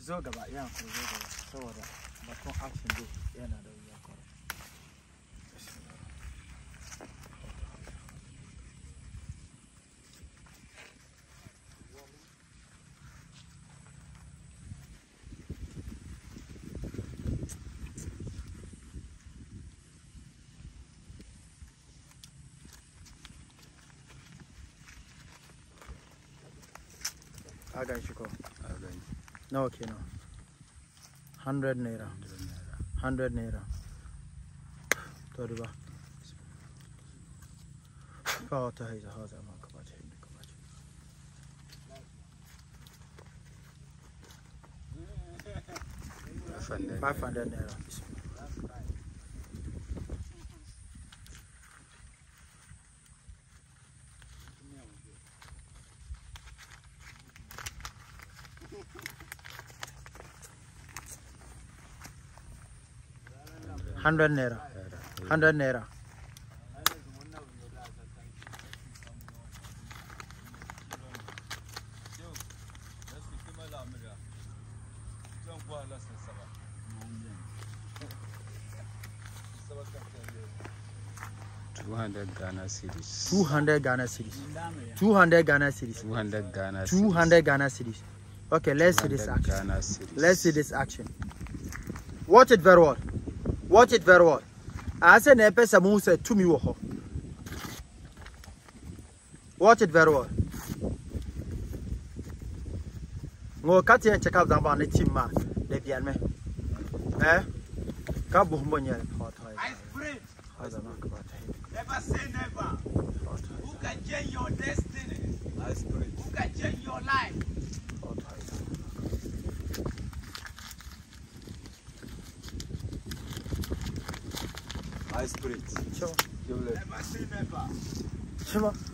zo gaba ya ku zo gaba saboda action yana da wuya no, okay, no. 100 naira. 100 naira. طيب فاتح إذا هذا ما كباتي هنا كباتي five hundred naira. Thank you. 100 naira 100 naira Two hundred Ghana cities. Two hundred Ghana cities. Two hundred Ghana cities. Two hundred Ghana. Two hundred Ghana cities. Okay, let's see this action. Let's see this action. Watch it very well. Watch it very well. Ase na epe samu se tumi wo Watch it very well. Ngo kati e check up zamba ne team ma le bian me. Eh? Ka bo mo nyere pa ta. I spray. Never say never. Who can change your destiny? Ice Spirit. Siema. Sure.